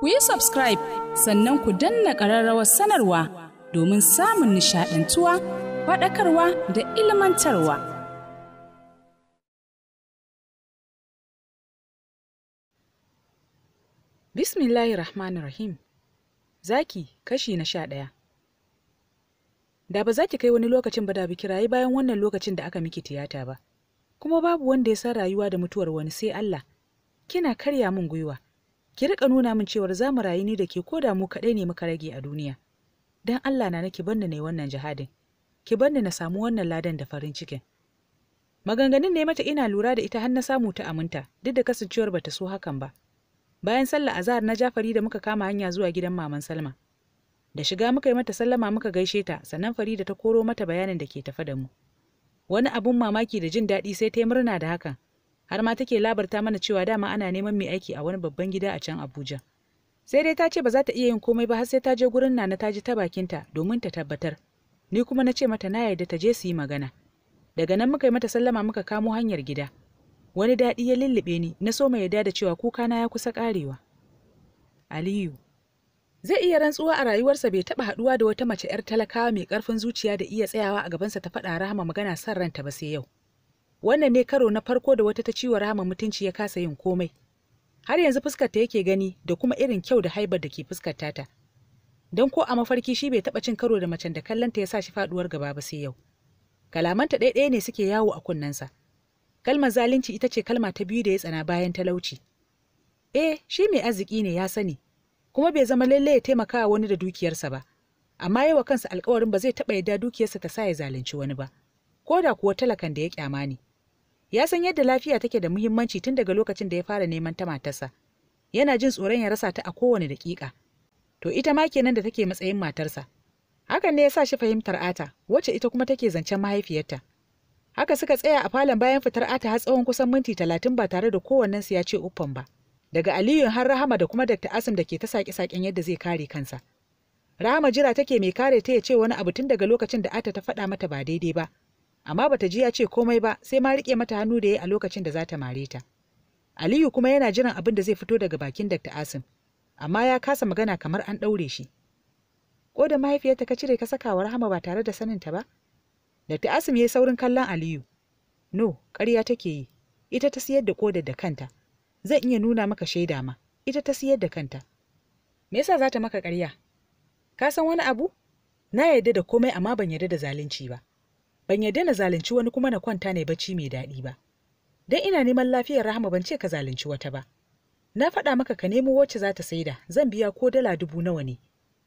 ku yi subscribe sannan ku danna ƙararrawar sanarwa domin samun nishaɗantuwa faɗakarwa da ilmantarwa. Bismillahir Rahmanir Rahim Zaki kashi na sha ɗaya Da ba za ki kai wani lokacin ba da bi kirayi bayan wannan lokacin da aka miki tiyata ba, kuma babu wanda ya san rayuwa da mutuwar wani sai Allah, kina karya min gwiwa. ki rika nuna min cewar za mu rayu ni da ke ko da mu kaɗai ne muka rage a duniya dan Allah na nake na ne wannan jihadin ki banni na samu wannan ladan da farin cikin maganganun ne mata ina lura da ita har na samu ta aminta duk da kasancewar bata so hakan ba bayan sallah azhar na Jafari da muka kama hanya zuwa gidan maman Salma da shiga muka yi mata sallama muka gaishe ta sannan Farida ta koro mata bayanin da ke tafa da mu wani abun mamaki da jin daɗi sai ta yi murna da hakan har ma take labarta mana cewa dama ana neman mai aiki a wani babban gida a can Abuja. Sai dai ta ce ba za ta iya yin komai ba har sai ta je gurin Nana ta ji ta bakinta domin ta tabbatar. Ni kuma na ce mata na yarda ta je su yi magana. Daga nan muka yi mata sallama muka kamo hanyar gida. Wani daɗi ya lullube ni na so mai yarda da cewa kukana ya kusa ƙarewa. Aliyu zai iya rantsuwa a rayuwarsa bai taɓa haɗuwa da wata mace 'yar talakawa mai ƙarfin zuciya da iya tsayawa a gabansa ta faɗa rahama magana son ranta ba sai yau. wannan ne karo na farko da wata ta ciwo rahama mutunci ya kasa yin komai har yanzu fuskar ta yake gani da kuma irin kyau da haibar da ke fuskar tata don ko a mafarki shi bai taba cin karo da macen da kallonta ya sa shi faɗuwar gaba ba sai yau kalamanta ɗaya-ɗaya ne suke yawo a kunnensa kalmar zalunci ita ce kalma ta biyu da ya tsana bayan talauci eh shi mai arziki ne ya sani kuma bai zama lallai ya taimaka wani da dukiyarsa ba amma yawa kansa alkawarin ba zai taɓa yarda dukiyarsa ta sa ya zalunci wani ba ko da kuwa talakan da ya kyama ne ya san yadda lafiya take da muhimmanci tun daga lokacin da ya fara neman ta matarsa yana jin tsoron ya rasa ta a kowane daƙiƙa to ita ma kenan da take matsayin matarsa hakan ne ya sa shi fahimtar ata wacce ita kuma take zancen mahaifiyarta haka suka tsaya a falon bayan fitar ata har tsawon kusan minti talatin ba tare da kowannensu ya ce uffan ba daga aliyu har rahama da kuma dakta asim da ke ta saƙe-saƙen yadda zai kare kansa rahama jira take mai kare ta ya ce wani abu tun daga lokacin da ata ta faɗa mata ba daidai ba amma bata ji ya ce komai ba sai ma riƙe mata hannu da ya a lokacin da za ta mare ta aliyu kuma yana jiran abin da zai fito daga bakin dr asim amma ya kasa magana kamar an ɗaure shi ko da mahaifiyarta ka cire ka saka wa rahama ba tare da sanin ta ba dr asim ya yi saurin kallon aliyu no ƙarya take yi ita ta siyar da kodar da kanta zan iya nuna maka shaida ma ita ta siyar da kanta me yasa za ta maka ƙarya ka san wani abu na yarda da komai amma ban yarda da zalunci ba ban yarda na zalunci wani kuma na kwanta ne bacci mai daɗi ba dan ina neman lafiyar rahama ban ce ka zalunci wata ba na faɗa maka ka nemo wacce za ta saida zan biya ko dala dubu nawa ne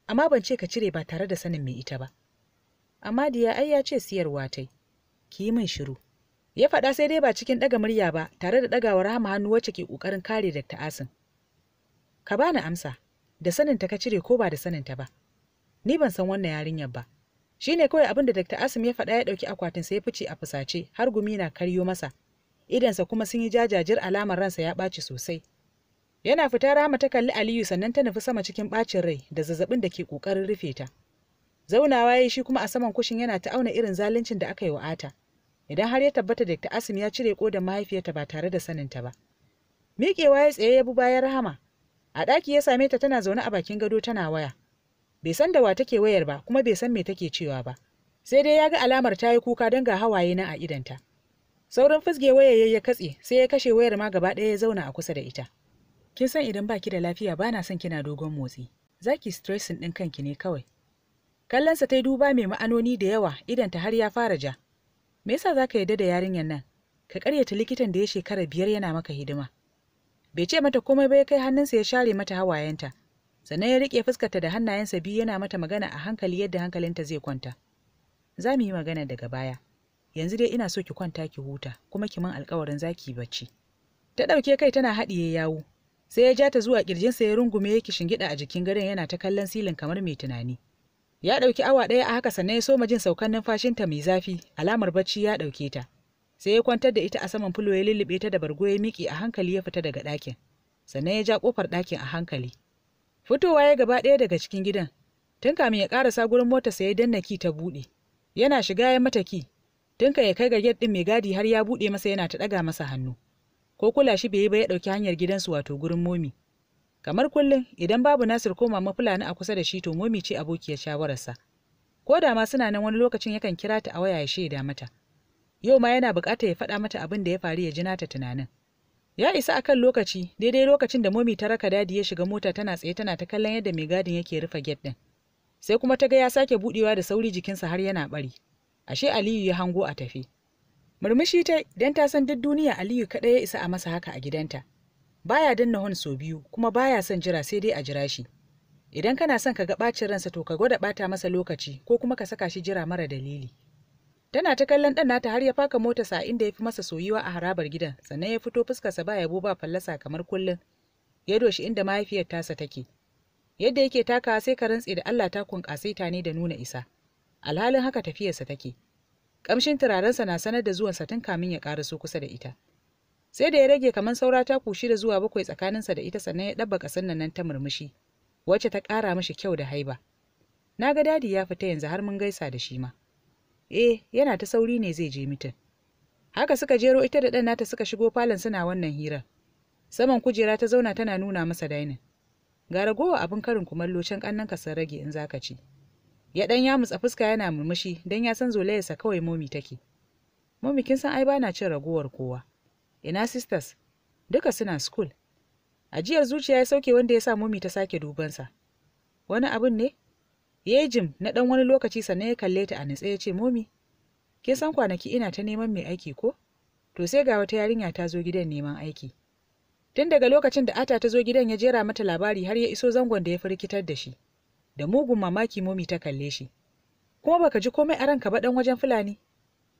amma ban ce ka cire ba tare da sanin mai ita ba amma diya ai ya ce siyarwa tai ki yi min shiru ya faɗa sai dai ba cikin ɗaga murya ba tare da ɗagawa rahama hannu wacce ke ƙoƙarin kare Dr. ta'asin ka bani amsa da saninta ka cire ko ba da saninta ba ni ban san wannan yarinyar ba Shi ne kawai abin da Dr. Asim ya faɗa ya ɗauki akwatin sai ya fice a fusace har gumi na karyo masa idansa kuma sun yi jajajir alamar ransa ya ɓaci sosai yana fita rama ta kalli Aliyu sannan ta nufi sama cikin ɓacin rai da zazzabin da ke ƙoƙarin rufe ta zaunawa ya shi kuma a saman kushin yana ta auna irin zaluncin da aka yi wa Ata idan har ya tabbata Dr. Asim ya cire ƙodan mahaifiyarta ba tare da saninta ba miƙewa ya tsaye ya bi bayan Rahama a ɗaki ya same ta tana zaune a bakin gado tana waya bai san da wa take wayar ba kuma bai san me take cewa ba sai dai ya ga alamar ta yi kuka don ga hawaye na a idanta saurin fusge wayar ya katse sai ya kashe wayar ma gaba ɗaya ya zauna a kusa da ita kin san idan baki da lafiya ba na son kina dogon motsi Zaki ki stressin ɗin kanki ne kawai kallonsa ta yi duba mai ma'anoni da yawa idanta har ya fara ja me yasa za ka yarda da yarinyar nan ka karyata likitan da ya shekara biyar yana maka hidima bai ce mata komai ba ya kai hannunsa ya share mata hawayenta sannan ya riƙe fuskarta da hannayensa biyu yana mata magana a hankali yadda hankalinta zai kwanta za mu yi magana daga baya yanzu dai ina so ki kwanta ki huta kuma ki min alkawarin za ki bacci ta ɗauke kai tana haɗiye yawo sai ya ja ta zuwa ƙirjinsa ya rungume yake shingiɗa a jikin garin yana ta kallon silin kamar mai tunani ya ɗauki awa ɗaya a haka sannan ya soma jin saukan numfashinta mai zafi alamar bacci ya ɗauke ta sai ya kwantar da ita a saman fulo ya lullube ta da bargo ya miƙe a hankali ya fita daga ɗakin sannan ya ja ƙofar ɗakin a hankali fitowa ya gaba ɗaya daga cikin gidan tun kamin ya ƙarasa gurin motarsa ya danna ki ta buɗe yana shiga ya mata ki tun ka ya kai ga gate ɗin mai gadi har ya buɗe masa yana ta ɗaga masa hannu ko kula shi bai yi ba ya ɗauki hanyar gidansu wato gurin momi kamar kullum idan babu nasir ko mama fulani a kusa da shi to momi ce abokiyar shawararsa ko da ma suna nan wani lokacin yakan kira ta a waya ya shaida mata yau ma yana buƙatar ya faɗa mata abin da ya faru ya ji ta tunanin ya isa a kan lokaci daidai lokacin da momi ta raka dadi ya shiga mota tana tsaye tana ta kallon yadda mai gadin yake rufe get din sai kuma ta ga ya sake budewa da sauri jikinsa har yana bari ashe aliyu ya hango a tafi murmushi ta dan ta san duk duniya aliyu kada ya isa a masa haka a gidanta baya danna hon so biyu kuma baya son jira sai dai a jira shi idan kana son ka ga bacin ransa to ka gwada bata masa lokaci ko kuma ka saka shi jira mara dalili tana ta kallon ɗan nata har ya faka motarsa inda ya fi masa soyuwa a harabar gidan sannan ya fito fuskarsa ba yabo ba fallasa kamar kullum ya doshi inda mahaifiyar tasa take yadda yake takawa sai ka rantse da Allah ta ta ne da nuna isa alhalin haka tafiyarsa take kamshin turarensa na sanar da zuwansa tun kamin ya su kusa da ita sai da ya rage kamar saura ta kushi da zuwa bakwai tsakaninsa da ita sannan ya ɗabba ƙasan nan ta murmushi wacce ta ƙara mashi kyau da haiba na ga dadi ya fita yanzu har mun gaisa da shi ma eh yana ta sauri ne zai je mitin haka suka jero ita da ɗan nata suka shigo falon suna wannan hiran. saman kujera ta zauna tana nuna masa dainin ga ragowa abin karin kumallo can kannan ka san rage in zaka ci ya ɗan ya mutsa fuska yana murmushi don ya san zolayarsa kawai momi take momi kin san ai bana cin ragowar kowa ina sisters duka suna school ajiyar zuciya ya sauke wanda ya sa momi ta sake dubansa wani abin ne ya yi jim na ɗan wani lokaci sannan ya kalle ta a nutse ya ce momi ke san kwanaki ina ta neman mai aiki ko to sai ga wata yarinya ta zo gidan neman aiki tun daga lokacin da ata ta zo gidan ya jera mata labari har ya iso zangon da ya fi da shi da mugun mamaki momi ta kalle shi kuma baka ji komai a ranka ba ɗan wajen fulani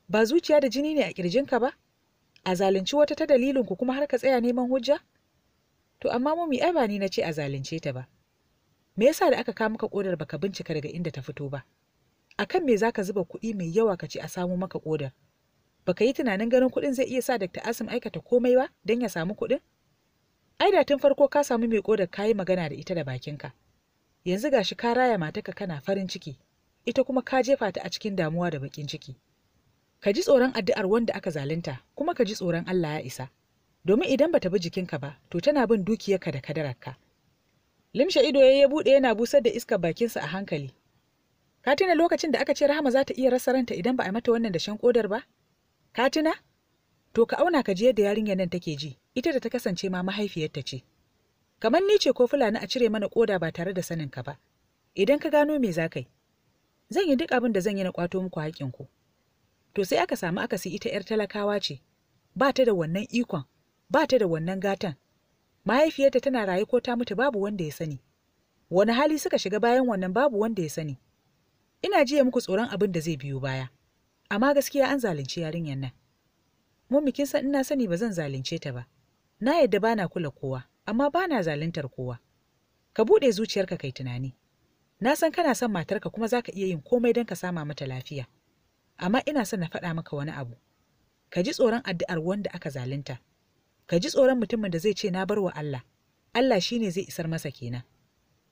ba zuciya da jini ne a kirjinka ba a zalunci wata ta dalilinku kuma har ka tsaya neman hujja to amma momi ai ba ni na ce a zalunce ta ba me yasa da aka kawo maka kodar baka bincika daga inda ta fito ba akan me zaka zuba kuɗi mai yawa ka ce a samu maka kodar baka yi tunanin ganin kuɗin zai iya sa Dr. Asim aikata komai ba don ya samu kuɗin ai da tun farko ka samu mai kodar yi magana da ita da bakinka yanzu gashi ka raya matarka kana farin ciki ita kuma ka jefa ta a cikin damuwa da bakin ciki ka ji tsoron addu'ar wanda aka zalunta kuma ka ji tsoron Allah ya isa domin idan bata bi jikinka ba to tana bin dukiyarka da kadararka limshe ido ya ya buɗe yana busar da iskar bakinsa a hankali katina lokacin da aka ce rahama za ta iya rasa ranta idan ba a mata wannan dashen kodar ba katina to ka auna ka ji yadda yarinyar nan take ji ita da ta kasance ma mahaifiyarta ce kamar ni ce ko fulani a cire mana koda ba tare da sanin ka ba idan ka gano me za kai zan yi duk abin da zan yi na kwato muku ku to sai aka samu aka si ita 'yar talakawa ce ba ta da wannan ikon ba ta da wannan gatan mahaifiyarta tana raye ko ta mutu babu wanda ya sani wani hali suka shiga bayan wannan babu wanda ya sani ina jiya muku tsoron abin da zai biyo baya amma gaskiya an zalunci yarinyar nan mummi kin san ina sani ba zan zalunce ta ba na yadda bana kula kowa amma bana zaluntar kowa ka buɗe zuciyarka kai tunani na san kana son matarka kuma za ka iya yin komai don ka sama mata lafiya amma ina son na faɗa maka wani abu ka ji tsoron addu'ar wanda aka zalunta ka ji tsoron mutumin da zai ce na bar wa Allah Allah shi ne zai isar masa kenan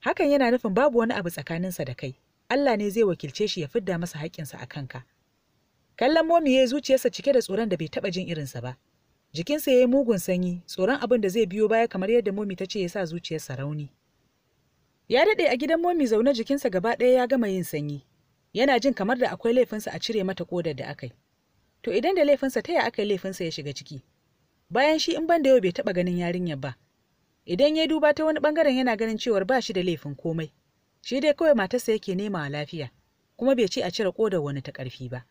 hakan yana nufin babu wani abu tsakaninsa da kai Allah ne zai wakilce shi ya fidda masa haƙƙinsa a kanka kallon momi ya yi zuciyarsa cike da tsoron da bai taɓa jin irinsa ba jikinsa ya yi mugun sanyi tsoron abin da zai biyo baya kamar yadda momi ta ce ya sa zuciyarsa rauni ya daɗe a gidan momi zaune jikinsa gaba ɗaya ya gama yin sanyi yana jin kamar da akwai laifinsa a cire mata ƙodar da aka yi to idan da laifinsa ta ya aka yi laifinsa ya shiga ciki bayan shi in ban da yau bai taɓa ganin yarinyar ba idan ya duba ta wani bangaren yana ganin cewar ba shi da laifin komai shi dai kawai matarsa yake nema a lafiya kuma bai ci a cire ƙoda wani ta ƙarfi ba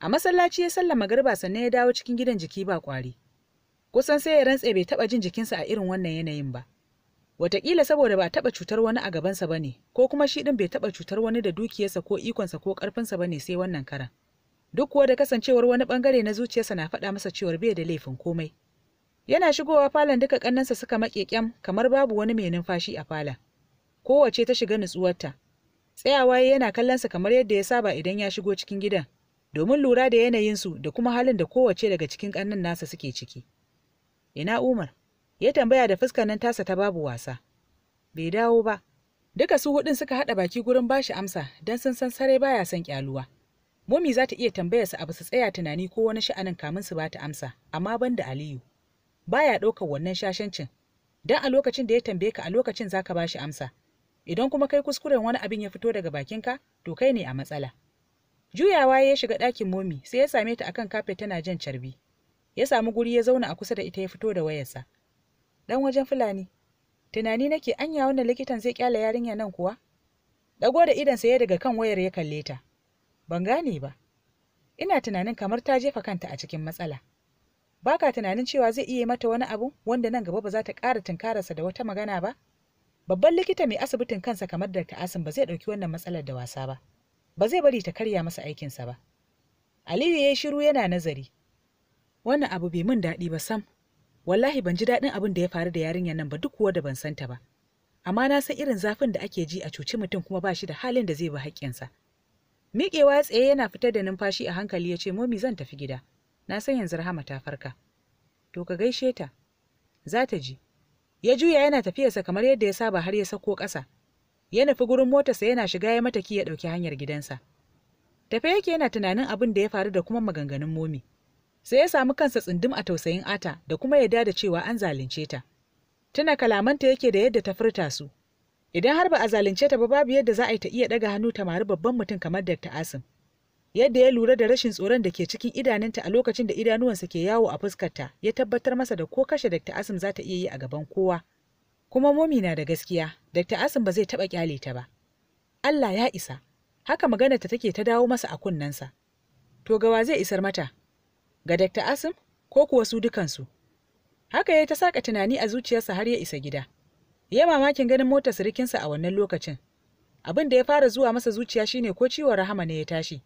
a masallaci ya sallama garba sannan ya dawo cikin gidan jiki ba ƙwari kusan sai ya rantse bai taɓa jin jikinsa a irin wannan yanayin ba wataƙila saboda ba taɓa cutar wani a gabansa ba ne ko kuma shi ɗin bai taɓa cutar wani da dukiyarsa ko ikonsa ko ƙarfinsa ba ne sai wannan karan duk kuwa da kasancewar wani bangare na zuciyarsa na faɗa masa cewar bai da laifin komai yana shigowa falon duka kannansa suka maƙe kyam kamar babu wani mai numfashi a falon kowace ta shiga nutsuwarta tsayawa yana kallonsa kamar yadda ya saba idan ya shigo cikin gidan domin lura da yanayinsu da kuma halin da kowace daga cikin ƙannan nasa suke ciki ina umar ya tambaya da fuskar nan tasa ta babu wasa bai dawo ba duka su hudun suka haɗa baki gurin bashi amsa don sun san sarai baya son kyaluwa momi za ta iya tambayar sa abu su tsaya tunani ko wani sha'anin kamin su ba ta amsa amma ban da aliyu baya ɗaukar wannan shashancin dan a lokacin da ya tambaye ka a lokacin za ka ba shi amsa idan kuma kai kuskuren wani abin ya fito daga bakinka to kai ne a matsala juyawa ya shiga ɗakin momi sai ya same ta akan kafet tana jan carbi ya samu guri ya zauna a kusa da ita ya fito da wayarsa dan wajen fulani tunani nake anya wannan likitan zai kyale yarinya nan kuwa Ɗago da idan ya daga kan wayar ya kalle ta ban gane ba ina tunanin kamar ta jefa kanta a cikin matsala ba ka tunanin cewa zai iya mata wani abu wanda nan gaba ba za ta ƙara tunkararsa da wata magana ba babban likita mai asibitin kansa kamar dr asim ba zai ɗauki wannan matsalar da wasa ba ba zai bari ta karya masa aikinsa ba aliyu ya yi shiru yana nazari wannan abu bai min daɗi ba sam wallahi ban ji daɗin abin da ya faru da yarinyar nan ba duk kuwa da ban santa ba amma na san irin zafin da ake ji a cuci mutum kuma ba shi da halin da zai bi haƙƙinsa miƙewa tsaye yana fitar da numfashi a hankali ya ce momi zan tafi gida na san yanzu rahama ta farka to ka gaishe ta za ta ji ya juya yana tafiyarsa kamar yadda ya saba har ya sako ƙasa ya nufi gurin motarsa yana shiga ya mataki ya ɗauki hanyar gidansa tafe yake yana tunanin abin da ya faru da kuma maganganun momi sai ya samu kansa tsundum a tausayin ata da kuma yarda da cewa an zalunce ta tuna kalamanta yake da yadda ta furta su idan har ba a zalunce ta ba babu yadda za a yi ta iya daga hannu ta mari babban mutum kamar Dr. Asim yadda ya lura da rashin tsoron da ke cikin idanunta a lokacin da idanuwansa ke yawo a fuskarta ya tabbatar masa da ko kashe Dr. Asim za ta iya yi a gaban kowa kuma momi na da gaskiya Dr. Asim ba zai taba kyale ta ba Allah ya isa haka magana ta take ta dawo masa a kunnensa to gawa zai isar mata ga Dr. Asim ko kuwa su dukansu haka ya ta saka tunani a zuciyarsa har ya isa gida ya mamakin ganin motar sirikinsa a wannan lokacin abin da ya fara zuwa masa zuciya shine ko ciwon rahama ne ya tashi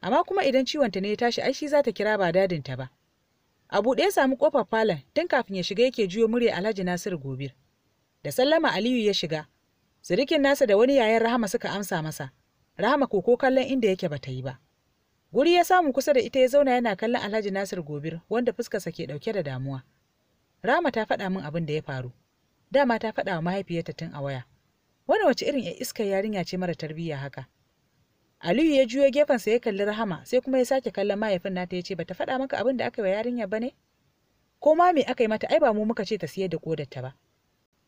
amma kuma idan ciwon ta ne ya tashi ai shi za ta kira ba dadinta ba a buɗe ya samu kofar falon tun kafin ya shiga yake juyo murya alhaji Nasiru gobir da sallama aliyu ya shiga sirikin nasa da wani yayan rahama suka amsa masa rahama koko kallon inda yake bata yi ba guri ya samu kusa da ita ya zauna yana kallon alhaji Nasiru gobir wanda fuskarsa ke ɗauke da damuwa rahama ta faɗa min abin da ya faru dama ta faɗa wa mahaifiyarta tun a waya wani wace irin iskar yarinya ce mara tarbiyya haka aliyu ya juyo gefensa ya kalli rahama sai kuma ya sake kallon mahaifin nata ya ce bata faɗa maka abin da aka yi wa yarinya ba ne ko ma me aka yi mata ai ba mu muka ce ta siyar da kodarta ba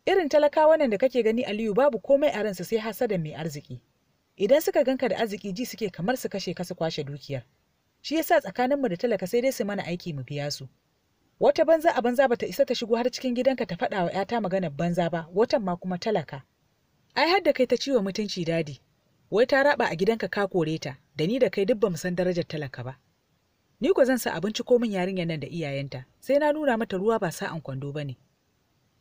irin talakawa nan da kake gani aliyu babu komai a ransa sai hasada mai arziki idan suka ganka da arziki ji suke kamar su kashe ka su kwashe dukiyar shi yasa tsakaninmu da talaka sai dai su mana aiki mu biya su wata banza a banza bata isa ta shigo har cikin gidanka ta faɗa wa 'yata maganar banza ba watan ma kuma talaka ai har da kai ta ciwo mutunci dadi wai ta raba a gidanka ka kore ta da ni da kai duk bamu san darajar talaka ba ni ko zan sa abinci ko min yarinyar nan da iyayenta sai na nuna mata ruwa ba sa'an kwando bane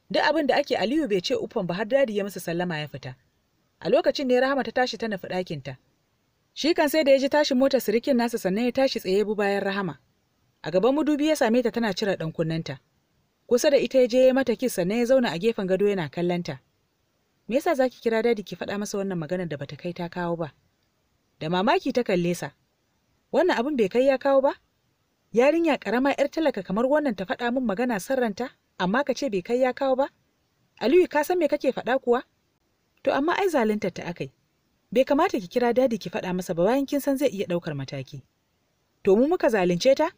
duk abin da ake Aliyu bai ce uffan ba har dadi ya masa sallama ya fita a lokacin ne Rahama ta tashi ta fi ɗakinta shi kan sai da ya ji tashin motar sirikin nasa sannan ya tashi tsaye bu bayan Rahama a gaban madubi ya same ta tana cire ɗan kunnenta kusa da ita ya je ya mata kis sannan ya zauna a gefen gado yana kallanta me yasa zaki kira dadi ki faɗa masa wannan maganar da bata kai ta kawo ba da mamaki ta kalle sa wannan abin bai kai ya kawo ba yarinya karama yar talaka kamar wannan ta faɗa min magana sarranta amma ka ce bai kai ya kawo ba aliyu ka san me kake faɗa kuwa to amma ai zalunta ta akai bai kamata ki kira dadi ki faɗa masa ba bayan kin san zai iya ɗaukar mataki to mu muka zalunce ta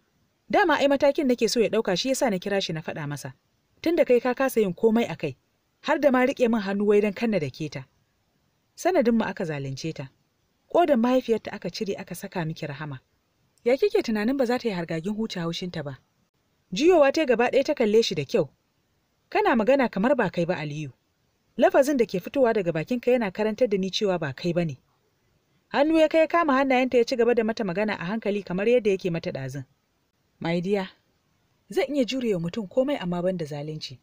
dama ai matakin nake so ya ɗauka shi yasa na kira shi na faɗa masa tunda kai ka kasa yin komai a kai har da ma riƙe min hannu wai don kanna da keta sanadin mu aka zalunce ta kodan mahaifiyarta aka cire aka saka miki rahama ya kike tunanin ba za ta yi hargagin huce haushinta ba jiyowa ta gaba ɗaya ta kalle shi da kyau kana magana kamar ba kai ba aliyu lafazin da ke fitowa daga bakin ka yana karantar da ni cewa ba kai ba ne hannu ya kai kama hannayenta ya ci gaba da mata magana a hankali kamar yadda yake mata ɗazin My dear, zan iya jure wa mutum komai amma ban da zalunci.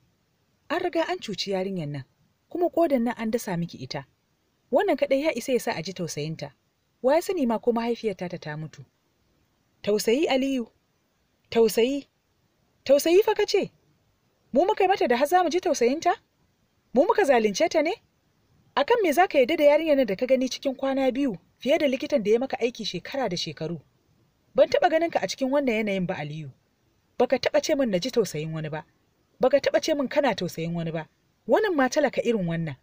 An riga an cuci yarinyar nan, kuma kodan nan an dasa miki ita. Wannan kaɗai ya isa ya sa a ji tausayinta. Wa ya sani ma ko mahaifiyarta ta ta mutu. Tausayi Aliyu, tausayi, tausayi fa ka ce, mu muka yi mata da har za mu ji tausayinta? Mu muka zalunce ta ne? Akan me za ka yarda da yarinyar nan da ka gani cikin kwana biyu fiye da likitan da ya maka aiki shekara da shekaru? ban taɓa ganin ka a cikin wannan yanayin ba aliyu baka taɓa ce min na ji tausayin wani ba baka taɓa ce min kana tausayin wani ba wannan ma talaka irin wannan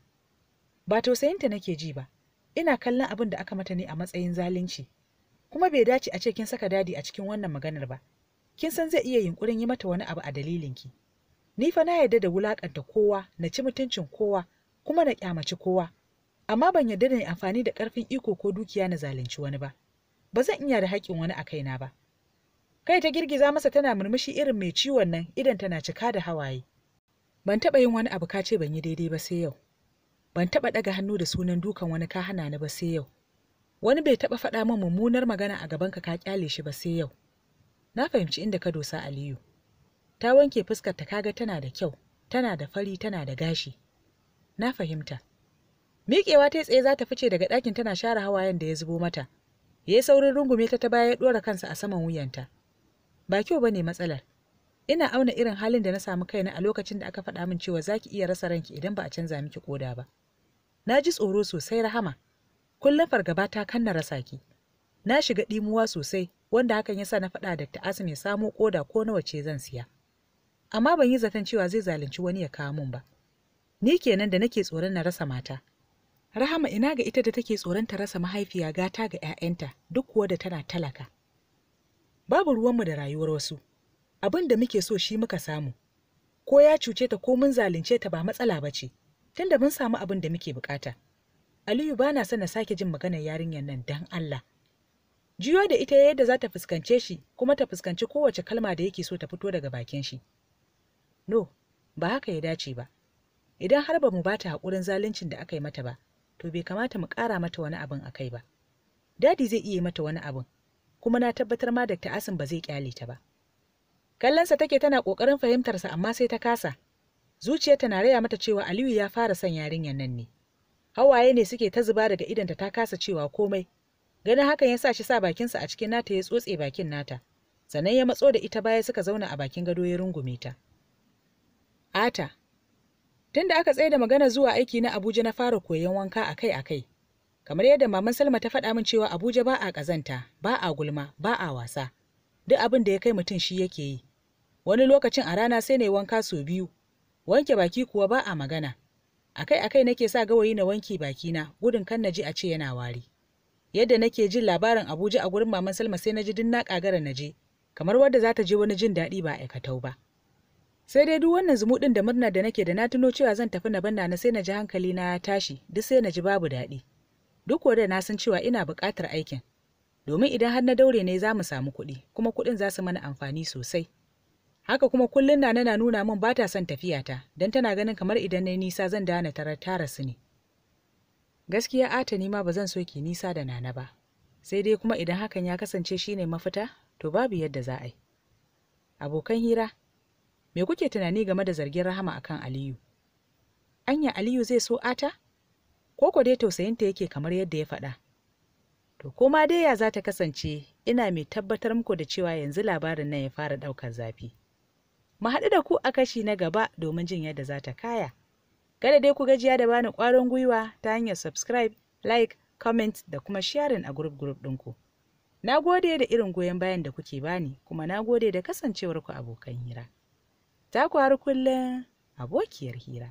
ba tausayinta nake ji ba ina kallon abin da aka mata ne a matsayin zalunci kuma bai dace a ce kin saka dadi a cikin wannan maganar ba kin san zai iya yunkurin yi mata wani abu a dalilin ki? ni fa na yarda da wulakanta kowa na ci mutuncin kowa kuma na kyamaci kowa amma ban yarda da amfani da karfin iko ko dukiya na zalunci wani ba ba zan iya da haƙƙin wani a kaina ba kai ta girgiza masa tana murmushi irin mai ciwon nan idan tana cika da hawaye ban taɓa yin wani abu ka ce ban yi daidai ba sai yau ban taɓa ɗaga hannu da sunan dukan wani ka hana ni ba sai yau wani bai taɓa faɗa min mummunar magana a gaban ka ka kyale shi ba sai yau na fahimci inda ka dosa aliyu ta wanke fuskar ta kaga tana da kyau tana da fari tana da gashi na fahimta miƙewa ta tsaye za ta fice daga ɗakin tana share hawayen da ya zubo mata ya yi saurin rungume ta ta baya ya ɗora kansa a saman wuyanta ba kyau ba ne matsalar ina auna irin halin da na samu kaina a lokacin da aka faɗa min cewa za ki iya rasa ranki idan ba a canza miki koda ba na ji tsoro sosai rahama kullum fargaba ta kan na rasa ki na shiga ɗimuwa sosai wanda hakan ya sa na faɗa da ta ta'asu mai samo ƙoda ko nawa ce zan siya amma ban yi zaton cewa zai zalunci wani ya kawo min ba ni kenan da nake tsoron na rasa mata Rahama ina ga ita da take tsoron ta rasa mahaifiya gata ga 'ya'yanta duk kuwa da tana talaka. Babu ruwanmu da rayuwar wasu. Abin da muke so shi muka samu. Ko ya cuce ta ko mun zalunce ta ba matsala ba ce, tunda mun samu abin da muke bukata. Aliyu ba na son na sake jin maganar yarinyar nan dan Allah. Jiyo da ita yadda za ta fuskance shi kuma ta fuskanci kowace kalma da yake so ta fito daga bakin shi. No, ba haka ya dace ba. Idan har ba mu ba ta haƙurin zaluncin da aka yi mata ba, to bai kamata mu ƙara mata wani abin a kai ba dadi zai iya mata wani abin kuma na tabbatar ma Dr. Asim ba zai ƙyale ta ba kallonsa take tana ƙoƙarin fahimtarsa amma sai ta kasa zuciyarta na raya mata cewa Aliyu ya fara son yarinyar nan ne hawaye ne suke ta zuba daga idanta ta kasa cewa komai ganin hakan ya sa shi sa bakinsa a cikin nata ya tsotse bakin nata sannan ya matso da ita baya suka zauna a bakin gado ya rungume ta ata Tun da aka tsaye da magana zuwa aiki na Abuja na fara koyon wanka akai-akai. Kamar yadda maman Salma ta faɗa min cewa Abuja ba a ƙazanta, ba a gulma, ba a wasa. Duk abin da ya kai mutum shi yake yi. Wani lokacin a rana sai na wanka sau biyu, wanke baki kuwa ba a magana. Akai-akai nake sa gawayi na wanke bakina gudun kan na ji a ce yana wari. Yadda nake jin labarin Abuja a gurin maman Salma sai na ji duk na na je, kamar wadda za ta je wani jin daɗi ba aikatau ba. sai dai duk wannan zumuɗin da murna da nake da na tuno cewa zan tafi na banna na sai na ji hankali na ya tashi duk sai na ji babu daɗi duk da na san cewa ina buƙatar aikin domin idan har na daure ne za mu samu kuɗi kuma kuɗin za su mana amfani sosai haka kuma kullum na na nuna min ba ta son tafiyata don tana ganin kamar idan na nisa zan dana na tarar tara su ne gaskiya ata ni ma ba zan so ki nisa da nana ba sai dai kuma idan hakan ya kasance shine mafita to babu yadda za a yi abokan hira me kuke tunani game da zargin rahama akan aliyu anya aliyu zai so ata ko ko dai tausayinta yake kamar yadda ya faɗa to ma dai ya za ta kasance ina mai tabbatar muku da cewa yanzu labarin nan ya fara ɗaukar zafi mu haɗu da ku a kashi na gaba domin jin yadda za ta kaya kada dai ku gajiya da bani ƙwarin gwiwa ta hanyar subscribe like comment da kuma sharing a group group ɗinku na gode da irin goyon bayan da kuke bani kuma na gode da kasancewarku abokan hira Ta kwaru kullum abokiyar hira.